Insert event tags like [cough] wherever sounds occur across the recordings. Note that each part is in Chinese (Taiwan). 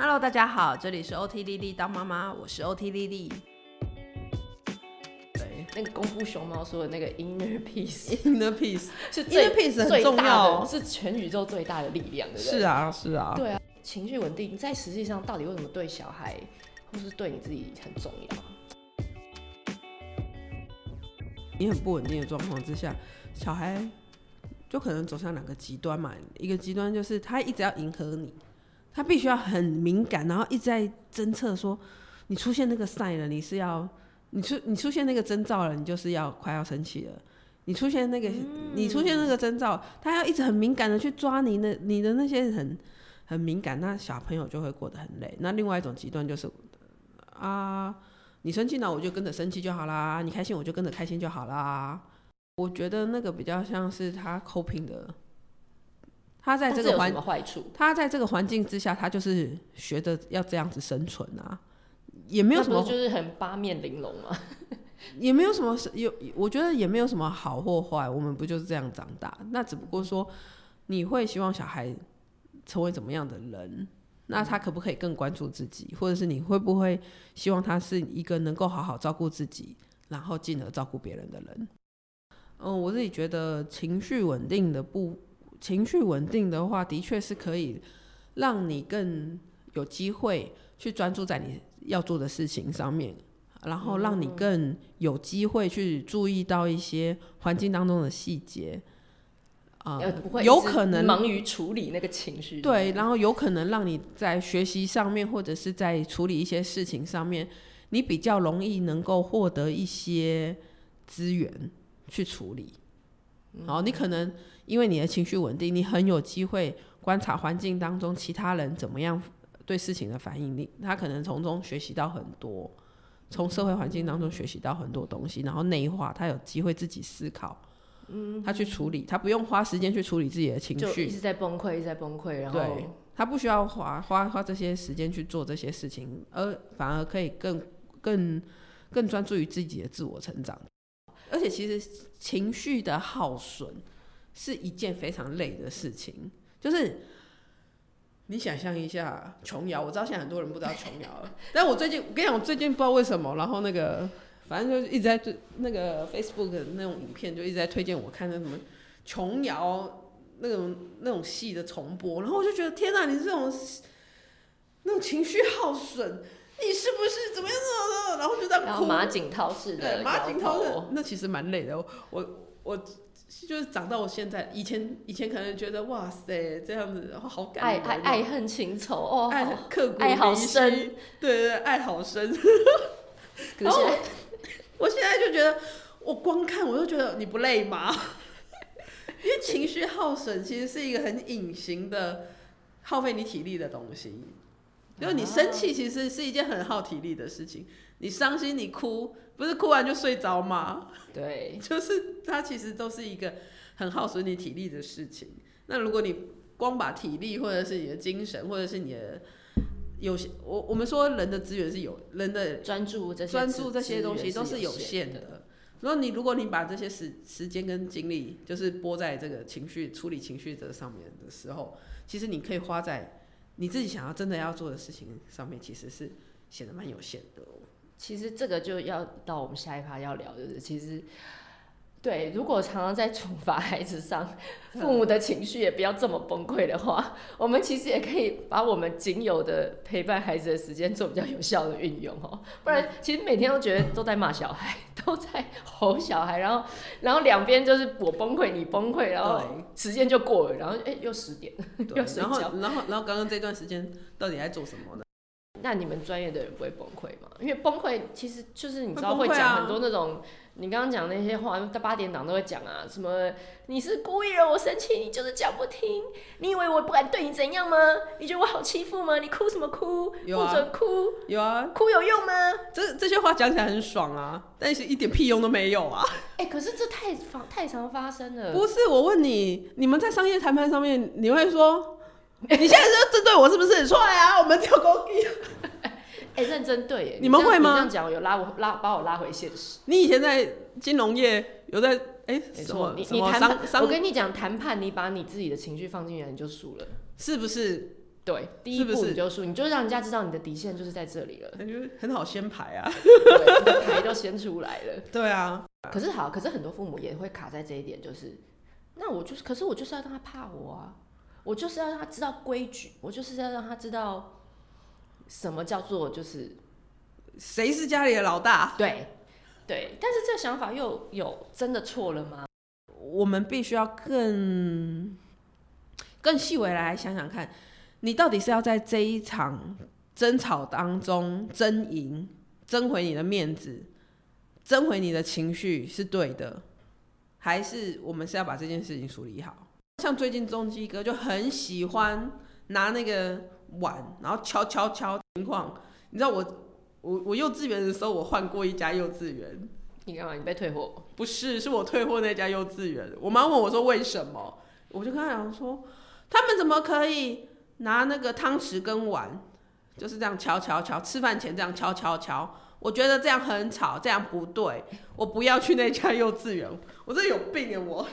Hello，大家好，這裡是 OT 莉莉當媽媽，我是 OT 莉莉。對，那個功夫熊貓說的那個 “inner peace”，inner peace, In peace. [laughs] 是 inner peace 最重要、哦、最大的，是全宇宙最大的力量，對不對？是啊，是啊。對啊，情緒穩定在實際上到底為什麼對小孩或是對你自己很重要？你很不穩定的狀況之下，小孩就可能走向兩個極端嘛。一個極端就是他一直要迎合你。他必須要很敏感，然後一直在偵測說，你出現那個 sign 了，你是要，你出你出現那個徵兆了，你就是要快要生氣了，你出現那個、嗯、你出現那個徵兆，他要一直很敏感的去抓你那你的那些很很敏感，那小朋友就會過得很累。那另外一種極端就是，啊，你生氣了我就跟着生氣就好啦，你開心我就跟着開心就好啦。我覺得那個比較像是他 coping 的。他在這個環，他在這個環境之下，他就是學着要這樣子生存啊，也沒有什麼，就是很八面玲瓏啊，也沒有什麼有，我覺得也沒有什麼好或壞。我們不就是這樣長大？那只不過說，你會希望小孩成為怎麼樣的人？那他可不可以更關注自己？或者是你會不會希望他是一個能夠好好照顧自己，然後進而照顧別人的人？嗯，我自己覺得情緒穩定的不。情緒穩定的話，的確是可以讓你更有機會去專注在你要做的事情上面，然後讓你更有機會去注意到一些環境當中的細節。啊、呃，有可能忙於處理那個情緒，對，對，然後有可能讓你在學習上面或者是在處理一些事情上面，你比較容易能夠獲得一些資源去處理。好，你可能。因為你的情緒穩定，你很有機會觀察環境當中其他人怎麼樣對事情的反應。你他可能從中學習到很多，從社會環境當中學習到很多東西，然後內化。他有機會自己思考，嗯，他去處理，他不用花時間去處理自己的情緒，一直在崩潰，一直在崩潰。然後對，他不需要花花花這些時間去做這些事情，而反而可以更更更專注於自己的自我成長。而且其實情緒的耗損。是一件非常累的事情，就是你想象一下瓊瑤，我知道現在很多人不知道瓊瑤了， [laughs] 但我最近我跟你講，我最近不知道為什麼，然後那個反正就一直在那個 Facebook 的那種影片，就一直在推薦我看那什麼瓊瑤那種那種戲的重播，然後我就覺得天哪、啊，你這種那種情緒耗損，你是不是怎麼樣怎麼怎麼，然後就這樣馬景濤似的，對，馬景濤那其實蠻累的，我我。就是長到我現在，以前以前可能覺得哇塞，這樣子好感動，愛愛恨情仇哦，愛很刻骨銘心，對對對，愛好深。可 [laughs] 是我現在就覺得，我光看我就覺得你不累嗎？ [laughs] 因為情緒耗損其實是一個很隱形的耗費你體力的東西。因為你生氣其實是一件很耗體力的事情，啊、你傷心你哭，不是哭完就睡着嗎？對， [laughs] 就是它其實都是一個很耗損你體力的事情。那如果你光把體力或者是你的精神或者是你的有些……我我們說人的資源是有人的專注，專注這些東西都是有限的。如果你如果你把這些時時間跟精力就是撥在這個情緒處理情緒的上面的時候，其實你可以花在。你自己想要真的要做的事情上面，其實是顯得蠻有限的喔。其實這個就要到我們下一趴要聊，就是其實。對，如果常常在處罰孩子上，父母的情緒也不要這麼崩潰的話，嗯，我們其實也可以把我們僅有的陪伴孩子的時間做比較有效的運用哦。不然，其實每天都覺得都在罵小孩，都在吼小孩，然後，然後兩邊就是我崩潰，你崩潰，然後時間就過了，然後哎，欸，又十點了，又要睡覺。然後，然後，然後剛剛這段時間到底在做什麼呢？那你們專業的人不會崩潰嗎？因為崩潰其實就是你知道會講很多那種，你剛剛講那些話，在八點檔都會講啊，什麼你是故意惹我生氣，你就是講不聽，你以為我不敢對你怎樣嗎？你覺得我好欺負嗎？你哭什麼哭？有啊、不准哭，有啊！有啊，哭有用嗎？這這些話講起來很爽啊，但是一點屁用都沒有啊。哎、欸，可是這太太常發生了。不是，我問你，你們在商業談判上面，你會說？ [laughs] 你現在是針對我是不是？出來啊，我們跳高地。哎、 [laughs] 欸，認真對耶，哎，你們會嗎？你這樣講有拉我拉，把我拉回現實。你以前在金融業有在哎、欸，沒錯，你你談我跟你講談判，你把你自己的情緒放進來，你就輸了，是不是？對，第一步你就輸，你就讓人家知道你的底線就是在這裡了，感覺很好先排啊， [laughs] 對，你的牌都先出來了，對啊。可是好，可是很多父母也會卡在這一點，就是那我就是，可是我就是要讓他怕我啊。我就是要讓他知道規矩，我就是要讓他知道什麼叫做就是誰是家裡的老大？對，對，但是這個想法又有真的錯了嗎？我們必須要更更細微來想想看，你到底是要在這一場爭吵當中爭贏，爭回你的面子，爭回你的情緒是對的，還是我們是要把這件事情處理好？像最近中基哥就很喜歡拿那個碗，然後敲敲敲的情況。你知道我，我我幼稚園的時候我換過一家幼稚園。你幹嘛？你被退貨？不是，是我退貨那家幼稚園。我媽問我說為什麼，我就跟他講說，他們怎麼可以拿那個湯匙跟碗，就是這樣敲敲敲，吃飯前這樣敲敲敲。我覺得這樣很吵，這樣不對，我不要去那家幼稚園。 [laughs] 我真的有病啊！我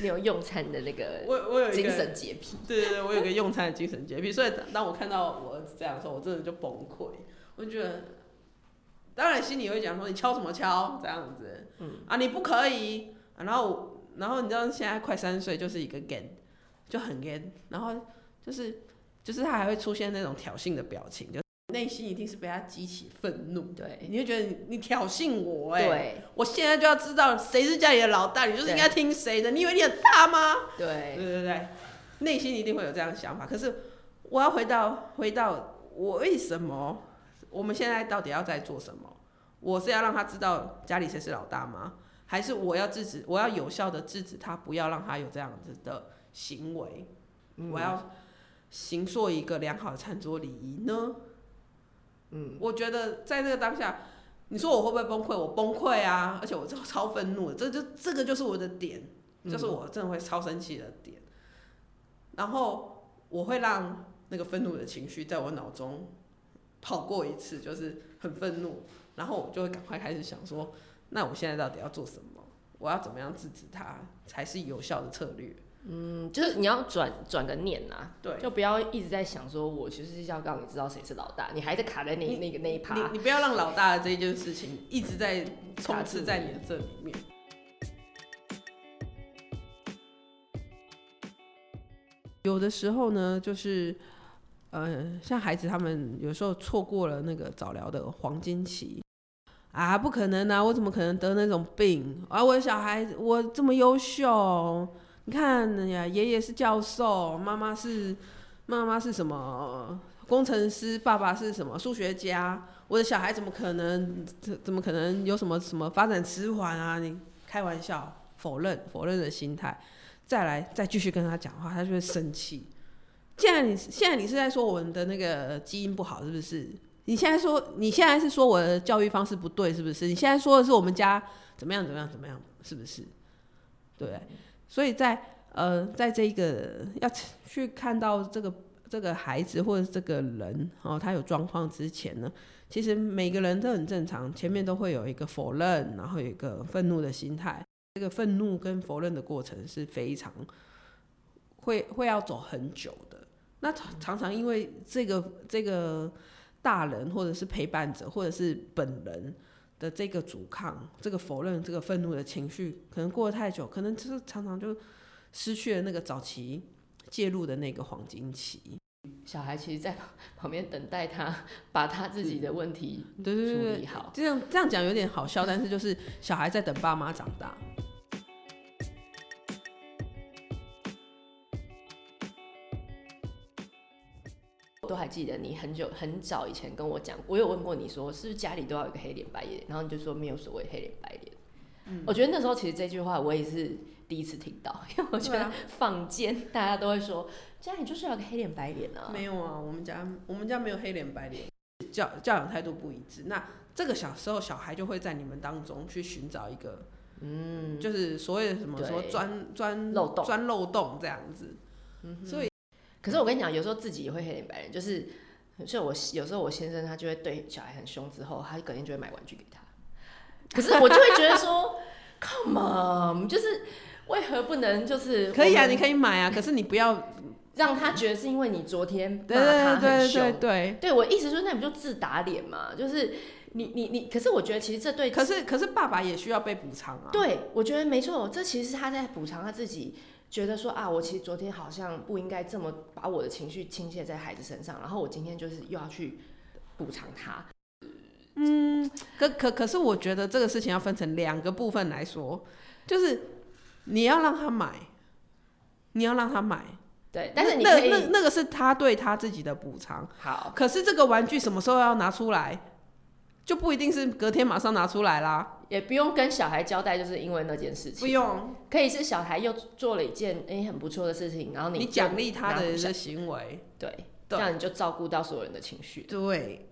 你有用餐的那個，我我有精神潔癖。對對對，我有個用餐的精神潔癖， [laughs] 所以當我看到我兒子這樣的時候，我真的就崩潰。我覺得，當然心裡會講說你敲什麼敲這樣子，嗯啊你不可以。啊、然後然後你知道現在快三歲就是一個 gen，就很 gen，然後就是就是他還會出現那種挑釁的表情，就是。內心一定是被他激起憤怒，對，你會覺得你你挑釁我、欸，哎，我現在就要知道誰是家裡的老大，你就是應該聽誰的？你以為你很大嗎？對，對對對，內 [laughs] 心一定會有這樣的想法。可是我要回到回到我為什麼我們現在到底要在做什麼？我是要讓他知道家裡誰是老大嗎？還是我要制止，我要有效的制止他，不要讓他有這樣子的行為、嗯？我要行做一個良好的餐桌禮儀呢？嗯， [noise] 我覺得在這個當下，你說我會不會崩潰？我崩潰啊！而且我超超憤怒，這就這個就是我的點，就是我真的會超生氣的點。然後我會讓那個憤怒的情緒在我腦中跑過一次，就是很憤怒，然後我就會趕快開始想說，那我現在到底要做什麼？我要怎麼樣制止他才是有效的策略。嗯，就是你要轉轉個念啊，對，就不要一直在想說我其實是要告訴你知道誰是老大，你還在卡在那那個那一趴你，你不要讓老大的這件事情一直在充斥在你的這裡面、面。有的時候呢，就是嗯、呃，像孩子他們有時候錯過了那個早療的黃金期。啊，不可能啊，我怎麼可能得那種病啊？我的小孩我這麼優秀。你看呀，爺爺是教授，媽媽是媽媽是什麼工程師，爸爸是什麼數學家。我的小孩怎麼可能怎怎麼可能有什麼什麼發展遲緩啊？你開玩笑，否認否認的心態，再來再繼續跟他講話，他就會生氣。既然現在你現在你是在說我們的那個基因不好是不是？你現在說你現在是說我的教育方式不對是不是？你現在說的是我們家怎麼樣怎麼樣怎麼樣是不是？對。所以在呃，在這個要去看到這個這個孩子或者這個人哦，他有狀況之前呢，其實每個人都很正常，前面都會有一個否認，然後有一個憤怒的心態。這個憤怒跟否認的過程是非常會會要走很久的。那常常因為這個這個大人或者是陪伴者或者是本人。的這個阻抗、這個否認、這個憤怒的情緒，可能過得太久，可能就是常常就失去了那個早期介入的那個黃金期。小孩其實在旁邊等待他把他自己的問題、嗯、對對對處理好。這樣這樣講有點好笑，但是就是小孩在等爸媽長大。都還記得你很久很早以前跟我講過，我有問過你說是不是家裡都要有個黑臉白臉？然後你就說沒有所謂黑臉白臉。嗯，我覺得那時候其實這句話我也是第一次聽到，因為我覺得坊間、啊、大家都會說家裡就是要個黑臉白臉啊。沒有啊，我們家我們家沒有黑臉白臉，教教養態度不一致。那這個小時候小孩就會在你們當中去尋找一個，嗯，嗯就是所謂的什麼說鑽鑽漏洞鑽漏洞這樣子，嗯、所以。可是我跟你講，有時候自己也會黑臉白臉，就是所以我有時候我先生他就會對小孩很凶，之後他肯定就會買玩具給他。可是我就會覺得說 [laughs] ，Come on，就是為何不能就是，是可以啊，你可以買啊，可是你不要讓他覺得是因為你昨天罵他很凶。對，對我意思是說那你不就自打臉嘛？就是你你你，可是我覺得其實這對，可是可是爸爸也需要被補償啊。對我覺得沒錯，這其實是他在補償他自己。覺得說啊，我其實昨天好像不應該這麼把我的情緒傾瀉在孩子身上，然後我今天就是又要去補償他。嗯，可可可是，我覺得這個事情要分成兩個部分來說，就是你要讓他買，你要讓他買，對，但是你可以那那那，那個是他對他自己的補償。好，可是這個玩具什麼時候要拿出來？就不一定是隔天馬上拿出來啦，也不用跟小孩交代，就是因為那件事情，不用，可以是小孩又做了一件誒、欸、很不錯的事情，然後你你獎勵他的行為，對，對，這樣你就照顧到所有人的情緒，對，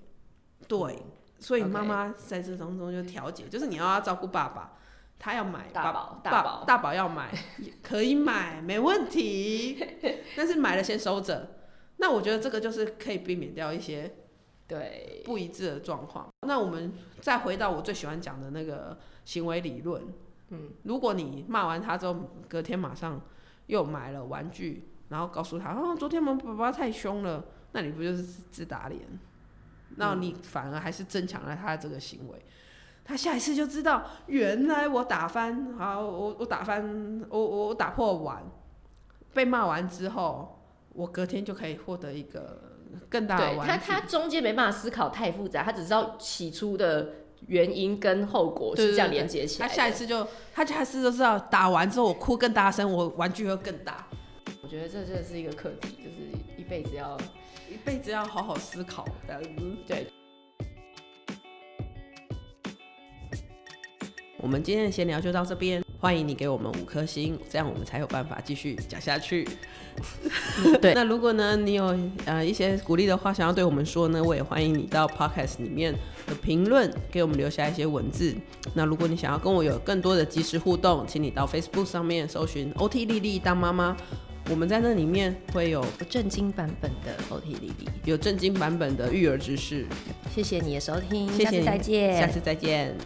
對，所以媽媽在這當中就調節，okay. 就是你要要照顧爸爸，他要買大寶，大寶，大寶要買， [laughs] 可以買，沒問題， [laughs] 但是買了先收着， [laughs] 那我覺得這個就是可以避免掉一些。對，不一致的狀況。那我們再回到我最喜歡講的那個行為理論。嗯，如果你罵完他之後，隔天馬上又買了玩具，然後告訴他哦、啊，昨天我爸爸太凶了，那你不就是自打臉，嗯？那你反而還是增強了他的這個行為。他下一次就知道，原來我打翻，好，我我打翻，我我打破碗，被罵完之後，我隔天就可以獲得一個。更大的玩具，他他中間沒辦法思考太複雜，他只知道起初的原因跟後果是這樣連接起來的。對對對。他下一次就，他下一次就知道打完之後我哭更大聲，我玩具會更大。我覺得這真是一個課題，就是一輩子要一輩子要好好思考這樣子。對。我們今天的閒聊就到這邊，歡迎你給我們五顆星，這樣我們才有辦法繼續講下去。 [laughs] 對 [laughs] 那如果呢，你有呃一些鼓勵的話，想要對我們說呢，我也歡迎你到 podcast 裡面的評論給我們留下一些文字。那如果你想要跟我有更多的即時互動，請你到 Facebook 上面搜尋 OT 莉莉當媽媽，我們在那裡面會有不正經版本的 OT 莉莉，有正經版本的育兒知識。謝謝你的收聽，謝謝再見，下次再見。